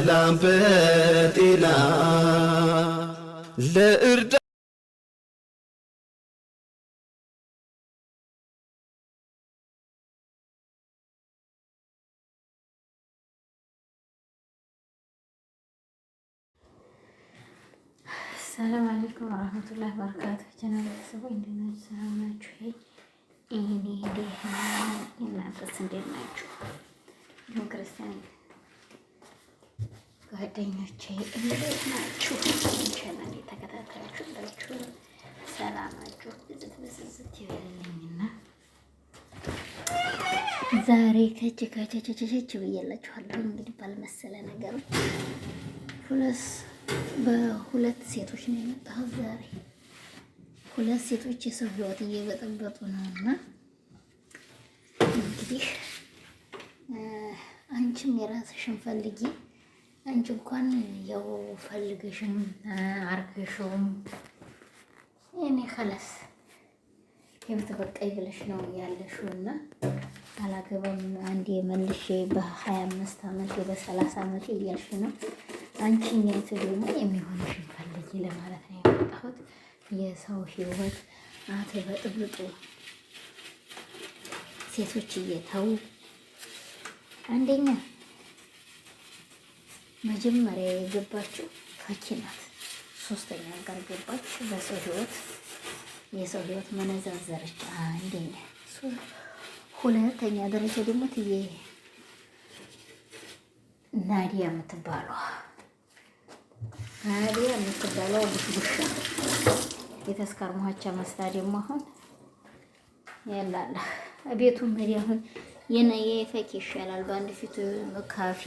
በሰላም በጤና ለእርዳ ሰላም አለይኩም ወራህመቱላሂ ወበረካቱ። ጀናል እንደምን ሰላም ናችሁ? እኔ ደህና እናንተስ እንዴት ናችሁ? ክርስቲያን ጓደኞቼ እንዴት ናችሁ? ቻናል የተከታታችሁ ሁላችሁም ሰላማችሁ ብዝት ብዝዝት ይበልልኝና ዛሬ ከች ከቸቸቸች ብዬላችኋለሁ። እንግዲህ ባልመሰለ ነገሮች ሁለስ በሁለት ሴቶች ነው የመጣሁት ዛሬ ሁለት ሴቶች የሰው ህይወት እየበጠበጡ ነው እና እንግዲህ አንቺም የራስሽን ፈልጊ አንቺ እንኳን ያው ፈልገሽም አርገሽውም እኔ ከለስ የምትበቃይ ብለሽ ነው ያለሽው እና አላገባም አንዴ መልሼ በሀያ አምስት አመቴ በሰላሳ አመቴ እያልሽ ነው። አንቺኛይቱ ደግሞ የሚሆንሽን ፈልጊ ለማለት ነው የመጣሁት። የሰው ህይወት አትበጥብጡ ሴቶች እየተው አንደኛ መጀመሪያ የገባችው ፈኪ ናት። ሶስተኛ ጋር ገባች። በሰው ህይወት የሰው ህይወት መነዛዘረች አንደኛ። ሁለተኛ ደረጃ ደግሞ ትዬ ናዲያ የምትባለዋ ናዲያ የምትባለዋ ቡሽቡሻ የተስካር መሀቻ መስላ ደግሞ አሁን ያላለ ቤቱ መዲ አሁን የፈኪ ይሻላል። በአንድ ፊቱ ካፌ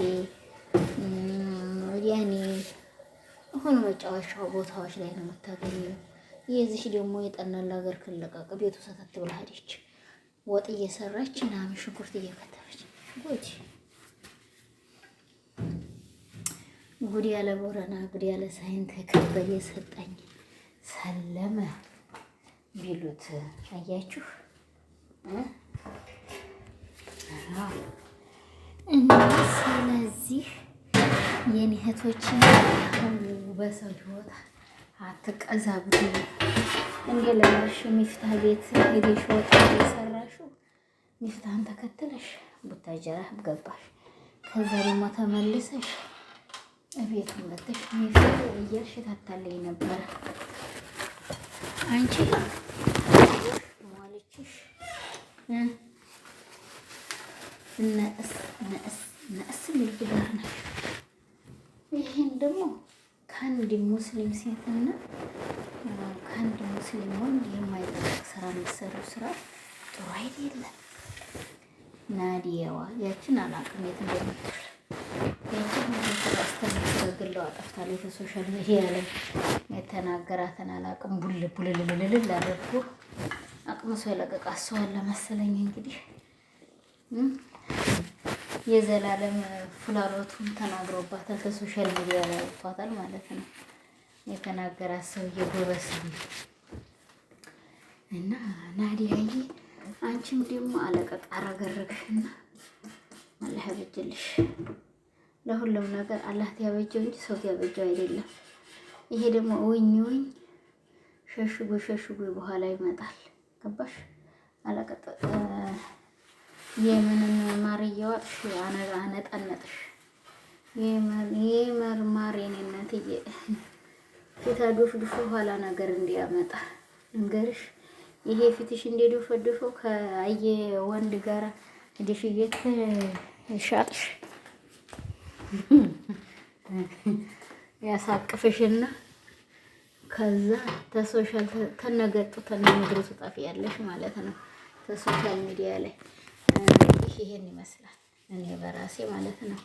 የኔ አሁን መጫወቻ ቦታዎች ላይ ነው የምታገኘው። የዚህ ደግሞ የጠናላ ሀገር ክለቃቅ ቤቱ ሰተት ብላ ሄደች፣ ወጥ እየሰራች ምናምን ሽንኩርት እየከተፈች ጉድ ጉድ ያለ ቦረና ጉድ ያለ ሳይን ተከበ የሰጠኝ ሰለመ ቢሉት አያችሁ እና ስለዚህ የኔ እህቶች በሰው ህይወት አትቀዛብዱ። እንደ ለመርሽው ሚፍታህ ቤት ሄደሽ ወጣ የሰራሽው ሚፍታህን ተከትለሽ ቡታጀራ ገባሽ። ከዛ ደግሞ ተመልሰሽ እቤት መጥተሽ ሚፍታህ እያልሽ ታታለይ ነበረ። አንቺ ሟልችሽ ነእስ ነእስ ነእስ ሚል ብዳር ነሽ ይህን ደግሞ ከአንድ ሙስሊም ሴትና ከአንድ ሙስሊም ወንድ የማይጠበቅ ስራ የምትሰሪው ስራ ጥሩ አይደለም። ናዲያዋ ያችን አላቅም የት እንደምትል ያችን በግለዋ ጠፍታለች። ከሶሻል ሚዲያ ላይ የተናገራትን አላቅም ቡል ቡልልልልል አድርጎ አቅምሶ የለቀቃት ሰው አለ መሰለኝ እንግዲህ የዘላለም ፍላሎቱን ተናግሮባታል። ከሶሻል ሚዲያ ላይ ወጥቷታል ማለት ነው። የተናገራት ሰውዬ ጎበዝ እና ናዲያዬ፣ አንቺም ደግሞ አለቀቅ አረገረግሽና አላህ ያበጀልሽ። ለሁሉም ነገር አላህ ያበጀው እንጂ ሰው ያበጀው አይደለም። ይሄ ደግሞ ውኝ ውኝ ሸሽጉ ሸሽጎ በኋላ ይመጣል። ገባሽ አለቀቅ የምንን ማርያዋ አነጣነጥሽ የመርማሪ ነነትዬ ፊት አዶፍድፎ ኋላ ነገር እንዲያመጣ እንገርሽ። ይሄ ፊትሽ ከአየ ወንድ ጋር ያሳቅፍሽና ከዛ ተሶሻል ተነገጡ ትጠፊያለሽ ማለት ነው ተሶሻል ሚዲያ ላይ እንግዲህ ይሄን ይመስላል። እኔ በራሴ ማለት ነው።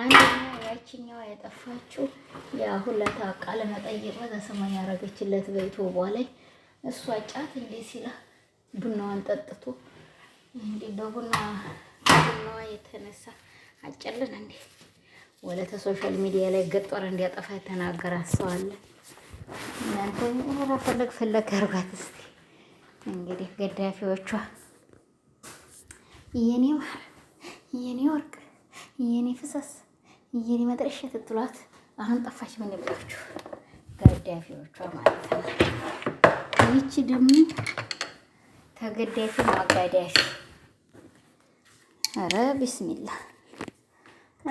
አንደኛ ያችኛዋ የጠፋችው ያ ሁለታ ቃለ መጠይቅ በተሰማ ያረገችለት በኢትዮቧ ላይ እሷ ጫት እንዴ ሲላ ቡናዋን ጠጥቶ እንዴ በቡና ቡናዋ የተነሳ አጨልን እንዴ ወለተ ሶሻል ሚዲያ ላይ ገጠር እንዲያጠፋ የተናገራት ሰው እናንተ ፈለግ ፈለግ አርጓት እስቲ እንግዲህ ገዳፊዎቿ የኔ ማር፣ የኔ ወርቅ፣ የኔ ፍሰስ፣ የኔ መጥረሻ ትትሏት አሁን ጠፋች። ምን ብላችሁ ገዳፊዎቿ ማለት ነው። ይቺ ደግሞ ተገዳፊ ማጋዳፊ። ኧረ ቢስሚላ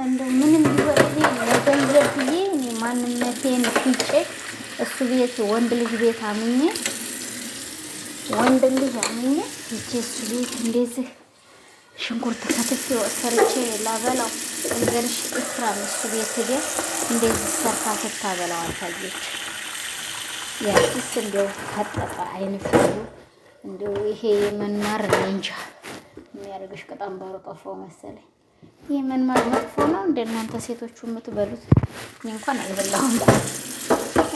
እንደው ምንም ቢወረድ ለገንዘብ ብዬ እኔ ማንነቴን ፍጬ እሱ ቤት ወንድ ልጅ ቤት አምኜ ወንድ ልጅ አምኜ ይቺ እሱ ቤት እንደዚህ ሽንኩርት ከትፌ ወሰርቼ ላበላው እንገልሽ እፍራ እሱ ቤት ሄደ እንደዚህ ሰርታ ስታበላው አልታየች። ያቺስ እንደው ታጠፋ አይን ፍሉ እንደው ይሄ የመማር እንጃ የሚያደርግሽ ቅጣም ባሮ ጠፋው መሰለኝ። ይሄ መንማር መጥፎ ነው። እንደናንተ ሴቶቹ የምትበሉት እኔ እንኳን አልበላሁም።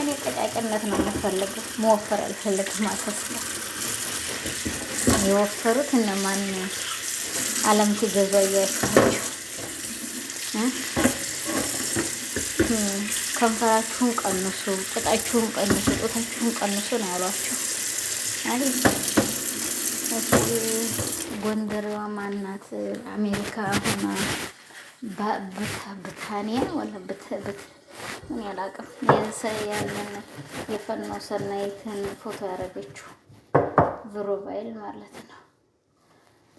እኔ ቀጫጭነት ነው የምፈልገው፣ መወፈር አልፈልግም። ማሰስ ነው የወፈሩት እነማን አለም ትገዛ እያያችኋችሁ ከንፈራችሁን ቀንሱ፣ ቁጣችሁን ቀንሱ፣ ጡታችሁን ቀንሱ ነው ያሏችሁ። አሪፍ ጎንደርዋ ማናት? አሜሪካ ሆና ብታንያ ወላ ምን ያላቅም ያለን የፈኖ ሰናይትን ፎቶ ያደረገችው ዝሮባይል ማለት ነው።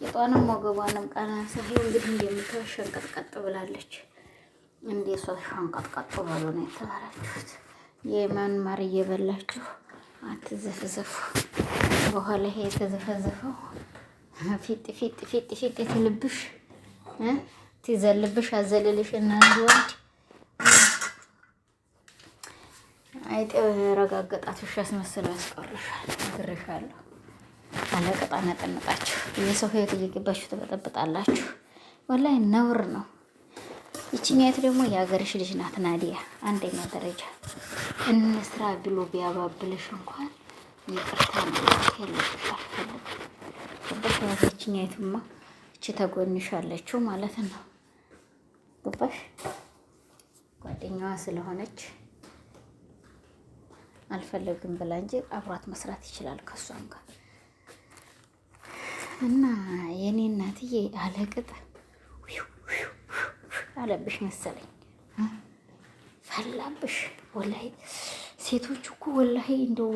የጧንም ወገቧንም ቀና ሳይ እንግዲህ እንደምታዩት ሸንቀጥቀጥ ብላለች። እንደ እሷ ሸንቀጥቀጥ ብሎ ነው የተባላችሁት። የማን ማር እየበላችሁ አትዘፍዘፉ። በኋላ ይሄ የተዘፈዘፈው ፊጥ ፊጥ ፊጥ ፊጥ ትልብሽ ትዘልብሽ አዘልልሽ እና እንዲወድ አይጤ ረጋገጣት ውሻ አስመስለው ያስቆርሻል። እነግርሻለሁ አለቅጣ ነጠነጣችሁ የሰው ህይወት እየገባችሁ ትበጠብጣላችሁ። ወላሂ ነውር ነው። ይችኛት ደግሞ የሀገርሽ ልጅ ናት ናዲያ፣ አንደኛ ደረጃ እንስራ ብሎ ቢያባብልሽ እንኳን ይቅርታ ገባሽ። ይችኛቱማ እች ተጎንሻለችው ማለት ነው። ገባሽ ጓደኛዋ ስለሆነች አልፈለግም ብላ እንጂ አብሯት መስራት ይችላል ከእሷም ጋር እና የኔ እናትዬ አለቅጥ አለብሽ መሰለኝ ፈላብሽ። ወላሂ ሴቶች እኮ ወላሂ እንደው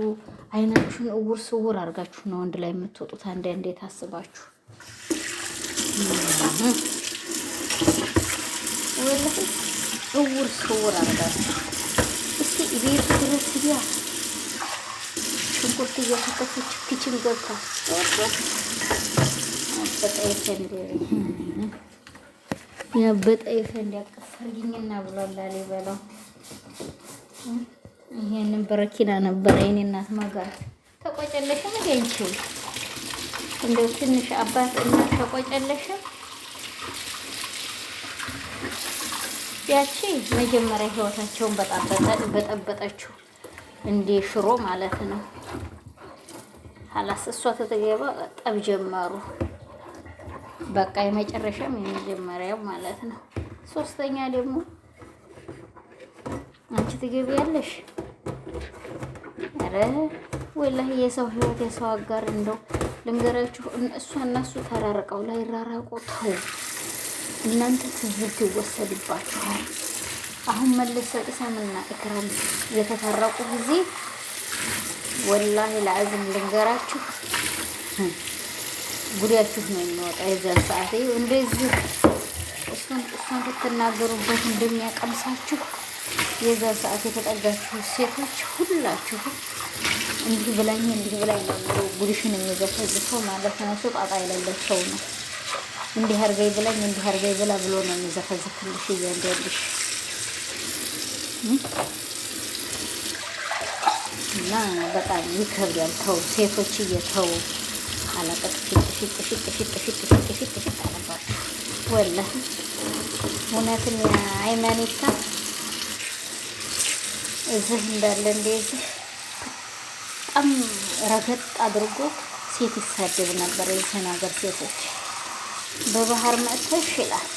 አይናችሁን እውር ስውር አድርጋችሁ ነው ወንድ ላይ የምትወጡት። አንድ አንዴ ታስባችሁ ወላሂ እውር ስውር አድርጋችሁ እስቲ ቤት ድረስ ያ ሽንኩርት እየከተፈች ክችን ገብታ ያበጠ ይፈንድ ያበጠ ይፈንድ ያቀፈርግኝና ብሏላ በረኪና ነበረ የኔ እናት መጋት ተቆጨለሽም እንደው ትንሽ አባት እናት ተቆጨለሽም ያቺ መጀመሪያ ህይወታቸውን በጠበጠችው እንደ ሽሮ ማለት ነው። ሀላስ እሷ ጠብ ጀመሩ። በቃ የመጨረሻም የመጀመሪያው ማለት ነው። ሶስተኛ ደግሞ አንቺ ትገቢያለሽ። ኧረ ወላሂ የሰው ህይወት የሰው አጋር እንደው ልንገራችሁ፣ እሷ እነሱ ተራርቀው ላይራራቁ ተው፣ እናንተ ትዝብት ይወሰድባችኋል። አሁን መልስ ሰጥሰምና ኢክራም የተታረቁ ጊዜ ወላሂ ለአዝም ልንገራችሁ ጉዳያችሁ ነው የሚወጣ። የዛን ሰዓት እንደዚህ እሱን እሱን ብትናገሩበት እንደሚያቀምሳችሁ የዛን ሰዓት የተጠጋችሁ ሴቶች ሁላችሁም እንዲህ ብላኝ እንዲህ ብላኝ ነው ጉድሽን የሚዘፈልፈው ማለት ነው። ጣጣ የሌለው ሰው ነው። እንዲህ አርገኝ ብላኝ እንዲህ አርገኝ ብላ ብሎ ነው የሚዘፈዘፍልሽ እያንዳንድሽ እና በጣም ይከብዳል። ተው ሴቶች እየተው አለበት። ሽጥ ሽጥ ሽጥ ሽጥ ሽጥ ሽጥ ሽጥ ሽጥ አለባችሁ። ወላሂ እውነትም አይመኒታ እዚህ እንዳለ እንደዚህ በጣም ረገጥ አድርጎ ሴት ይሳደብ ነበር። የዚህን ሀገር ሴቶች በባህር መጥተሽ ይላል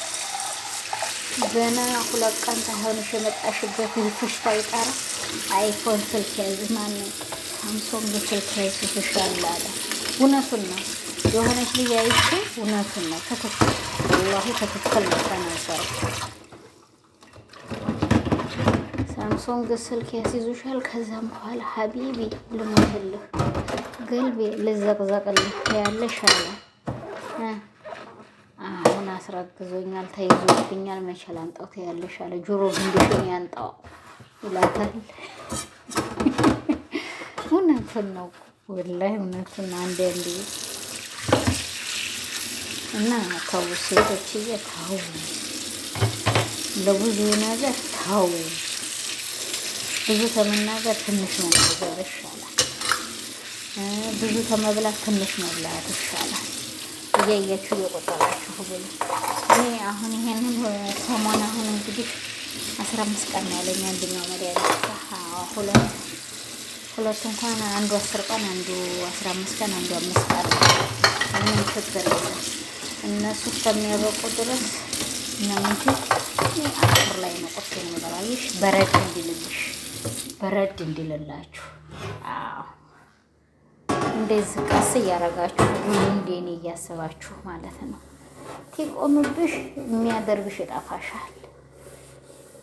ገና ሁለት ቀን ሳይሆንሽ የመጣሽበት ልፍሽ ሳይጠራ አይፎን ስልክ ያዝ ማን ሳምሶንግ ስልክ ያዝ ይሻላል አለ እውነቱን ነው የሆነች ልጅ አይቼ እውነቱን ነው ትክክል፣ ወላሂ ትክክል ነው ተናገረው። ሳምሶንግ ስልክ ያስይዙሻል። ከዛም በኋላ ሀቢቢ ልሞትልህ፣ ገልቤ ልዘቅዘቅልህ ያለሽ አለ። አሁን አስረግዞኛል፣ ተይዞብኛል፣ መቼ ላንጣው ትያለሽ አለ። ጆሮ ግንድሽን ያንጣው ይላታል። እውነቱን ነው። ወላሂ እውነቱን አንዳንዴ እና ተው ሴቶችዬ፣ ተው ለብዙ ነገር ተው። ብዙ ከመናገር ትንሽ መናገር ይሻላል። ብዙ ከመብላት ትንሽ መብላት ይሻላል። እያያችሁ እየቆጠራችሁ ብሎ እኔ አሁን ይሄንን ሰሞን አሁን እንግዲህ አስራ አምስት ቀን ያለኝ አንደኛው መድኃኒት ሁለት ሁለቱ እንኳን አንዱ አስር ቀን አንዱ አስራ አምስት ቀን አንዱ አምስት ቀን ምንም ችግር የለም። እነሱ እስከሚያበቁ ድረስ እናምንት አስር ላይ ነው ቆፍ የምበላይሽ በረድ እንዲልልሽ በረድ እንዲልላችሁ እንደዚህ ቀስ እያረጋችሁ ሁሉ እንደኔ ማለት ነው። ቲቆምብሽ የሚያደርግሽ ይጠፋሻል።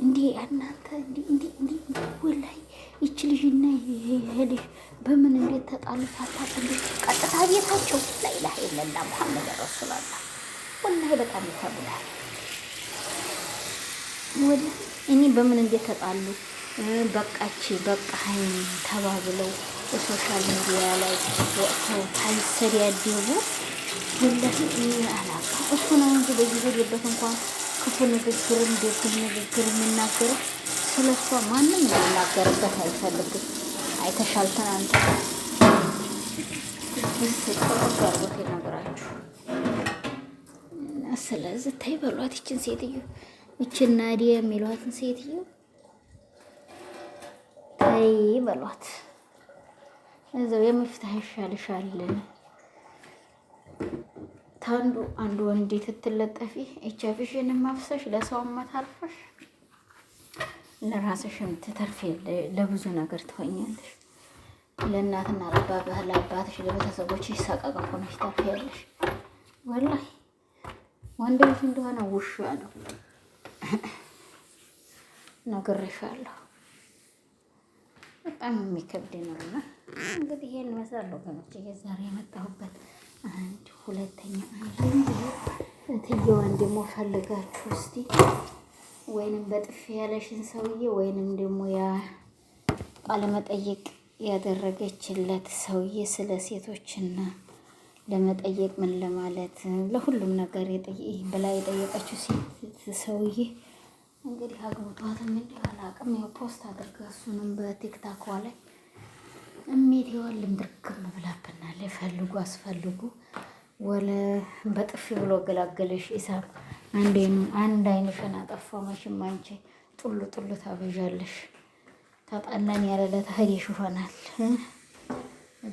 እንዲህ እናንተ እንዲህ እንዲህ እንዲህ ወላይ ይቺ ልጅና ይሄ ልጅ በምን እንዴት ተጣሉ ሳታውቅ ቀጥታ ቤታቸው ላይላ የለላ መሐመድ ረሱላላ ወላሂ በጣም ይከብዳል። ወደ እኔ በምን እንዴት ተጣሉ በቃች በቃኝ ተባብለው ሶሻል ሚዲያ ላይ ወጥተው ካልተሰዳደቡ ወላሂ እኔ አላውቅም። እሱ ነው እንጂ በጊዜ የበት እንኳን ክፉ ንግግርም ደጉም ንግግር የሚናገረው ስለሷ ማንም የሚናገርበት አይፈልግም። አይተሻል ትናንት ስቆርቆት ይነግራችሁ። ስለዚህ ታይ በሏት ይችን ሴትዮ ይችን ናዲያ የሚሏትን ሴትዮ ታይ በሏት። እዛው የመፍትሄ ይሻልሻል ታንዱ አንዱ ወንዴ ትትለጠፊ ኤች አይ ቪሽንም አፍሰሽ ለሰውም አታርፈሽ ለራስሽም ትተርፌ ለብዙ ነገር ትሆኛለሽ። ለእናትና ለአባባህ ለአባትሽ ለቤተሰቦችሽ ሰቀቀ ሆነሽ ታርፊያለሽ። ወላሂ ወንድ ልጅ እንደሆነ ውሻ ነው ነግሬሻለሁ። በጣም የሚከብድ ነውና እንግዲህ ይሄን ይመስላል ወገኖች፣ የዛሬ የመጣሁበት አንድ ሁለተኛ አንድ እትየዋን ደግሞ ፈልጋችሁ እስቲ ወይንም በጥፍ ያለሽን ሰውዬ ወይንም ደግሞ ያ ቃለመጠይቅ ያደረገችለት ሰውዬ ስለ ሴቶችና ለመጠየቅ ምን ለማለት ለሁሉም ነገር ብላ የጠየቀችው ሴት ሰውዬ እንግዲህ አግብቷት እንዲሁ አላቅም። ያው ፖስት አድርገ እሱንም በቲክታኳ ላይ እሜቴዋን ልምድርክም ብላብናል። ፈልጉ አስፈልጉ ወለ በጥፊ ብሎ ገላገለሽ ኢሳም አንድ አይንሽን አጠፋው። መቼም አንቺ ጥሉ ጥሉ ታበዣለሽ። ተጠነን ያለለት ህዴሽ ይሆናል።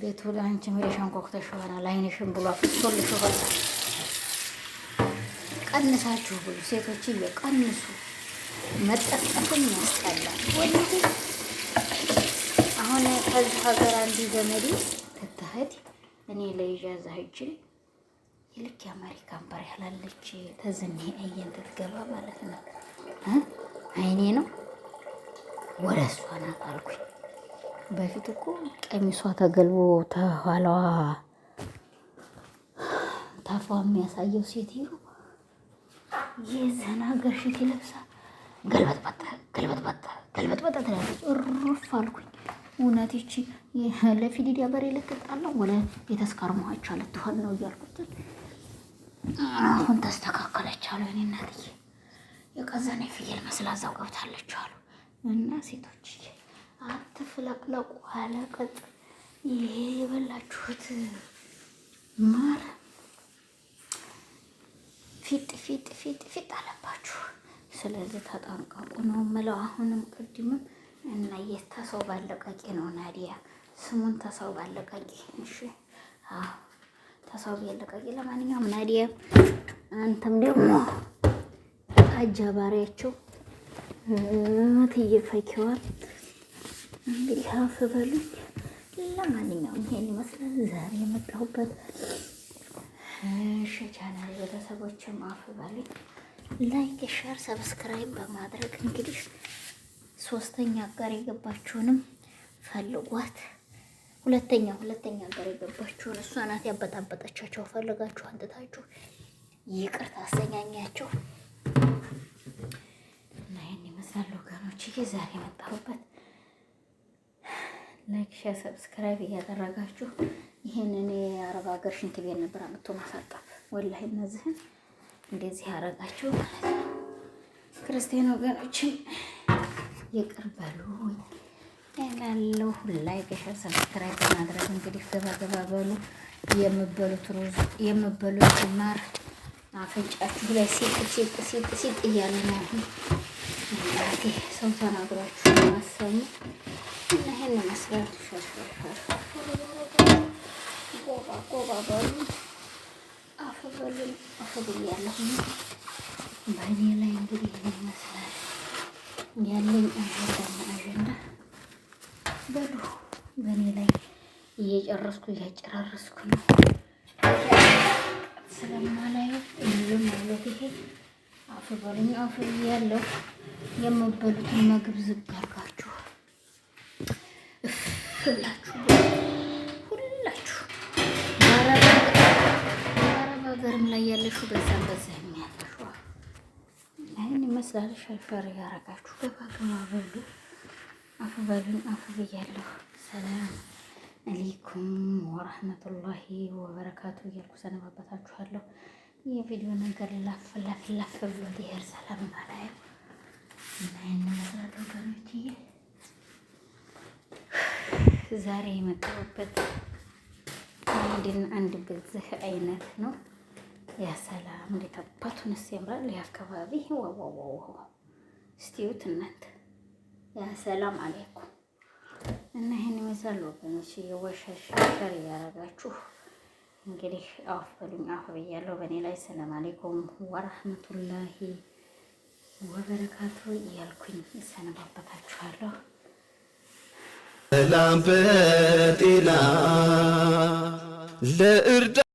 ቤቱ ለአንቺ ሄደሽ ኮክተሽ ይሆናል። አይንሽን ብሎ አፍሶልሽ ይሆናል። ቀንሳችሁ ብሉ ሴቶች፣ እየቀንሱ መጠጣቱን ያስጠላል። ወንድ አሁን ከዚህ ሀገር አንዱ ዘመዴ ትትህድ እኔ ለይዣ ዛህጅል ልክ የአሜሪካን በር ያላለች ተዝኒ አየን ትትገባ ማለት ነው። አይኔ ነው ወደ እሷ ናት አልኩኝ። በፊት እኮ ቀሚሷ ተገልቦ ተኋላዋ ታፏ የሚያሳየው ሴትዮ የዘና ሀገር ሽት ይለብሳ ገልበት በጣ ገልበት በጣ ገልበት በጣ ትላለች። እሩፍ አልኩኝ። እውነት ይቺ ለፊዲዲያ በሬ ልትጣል ወደ ቤተስካር ልትሆን ነው እያልኩትን አሁን ተስተካከለች አሉ። እኔ እናትዬ የቀዘነ ፍየል መስላ እዛው ገብታለች አሉ። እና ሴቶች አትፍለቅለቁ አለቀጥ ይሄ የበላችሁት ማር ፊጥ ፊጥ ፊጥ ፊጥ አለባችሁ። ስለዚህ ተጠንቀቁ ነው ምለው። አሁንም ቅድምም እና የተሰው ባለቀቂ ነው ናዲያ ስሙን ተሰው ባለቀቂ እሺ። አዎ ተሳቢ ያለቀቂ። ለማንኛውም ናዲያ አንተም ደግሞ አጃባሪያቸው ትየፈኪዋል እንግዲህ ሀፍ በሉኝ። ለማንኛውም ይሄን ይመስላል ዛሬ የመጣሁበት። እሺ ቻናል ቤተሰቦችም አፍ በሉኝ። ላይክ፣ ሼር፣ ሰብስክራይብ በማድረግ እንግዲህ ሶስተኛ አጋር የገባችሁንም ፈልጓት። ሁለተኛ ሁለተኛ ሀገር የገባችውን እሷ ናት ያበጣበጠቻቸው። ፈልጋችሁ አንጥታችሁ ይቅር ታሰኛኛቸው እና ይህን ይመስላል ወገኖች። ይሄ ዛሬ የመጣሁበት ላይክ፣ ሼር፣ ሰብስክራይብ እያደረጋችሁ ይህን እኔ የአረብ ሀገር ሽንት ቤት ነበር አምጥቶ ማሳጣፍ። ወላሂ እነዚህን እንደዚህ ያረጋችሁ ማለት ነው። ክርስቲያን ወገኖችን ይቅር በሉ። ያላለው ላይ ገሻ ሰብስክራይብ በማድረግ እንግዲህ ገባ ገባ በሉ። የምበሉት ሩዝ የምበሉት ማር አፍንጫችሁ ላይ ሲጥ ሲጥ ሲጥ ሲጥ እያለ ነው። አሁን ሰው ተናግሯችሁ ማሰሙ እና ይሄን መስራት ሸሸሸ ጎባ ጎባ በሉ አፈበሉን አፈብያለሁ። በእኔ ላይ እንግዲህ ይመስላል ያለኝ አንዳንድ አትበሉ። በእኔ ላይ እየጨረስኩ እያጨራረስኩ ነው ስለማላየው እዩም ማለት ይሄ አፍ በሉኝ አፍ ያለው የምበሉትን ምግብ ዝግ አድርጋችሁ ሁላችሁ ሁላችሁ በአረብ ሀገርም ላይ ያለችሁ በዛም በዛ ያለችሁ ይህን ይመስላል። ሸርሸር እያረጋችሁ ገባ በሉ። አፉ በሉን አፉ ብያለሁ። ሰላም አሌይኩም ወረህመቱላሂ ወበረካቱ እያልኩ ሰነባበታችኋለሁ። ቪዲዮ ነገር ላፍ ላፍ ላፍ ብሎ ሊሄድ ሰላም ባላዩ እና ይመስላል ወገኖች፣ ዛሬ የመጣሁበት አንድን አንድ በዚህ አይነት ነው። ያ ሰላም እንዴት አባቱንስ ያምራል! ያ አካባቢ ዋዋዋዋ! እስቲዩት እናንተ ያሰላም አለይኩም እና ይሄን ይመስላል ወገኖች፣ እየወሸሽ ሸር እያደረጋችሁ እንግዲህ አፍ በሉኝ አፍ ብያለሁ በእኔ ላይ። ሰላም አለይኩም ወራህመቱላሂ ወበረካቱ እያልኩኝ እሰነባበታችኋለሁ። ሰላም በጤና ለእርዳ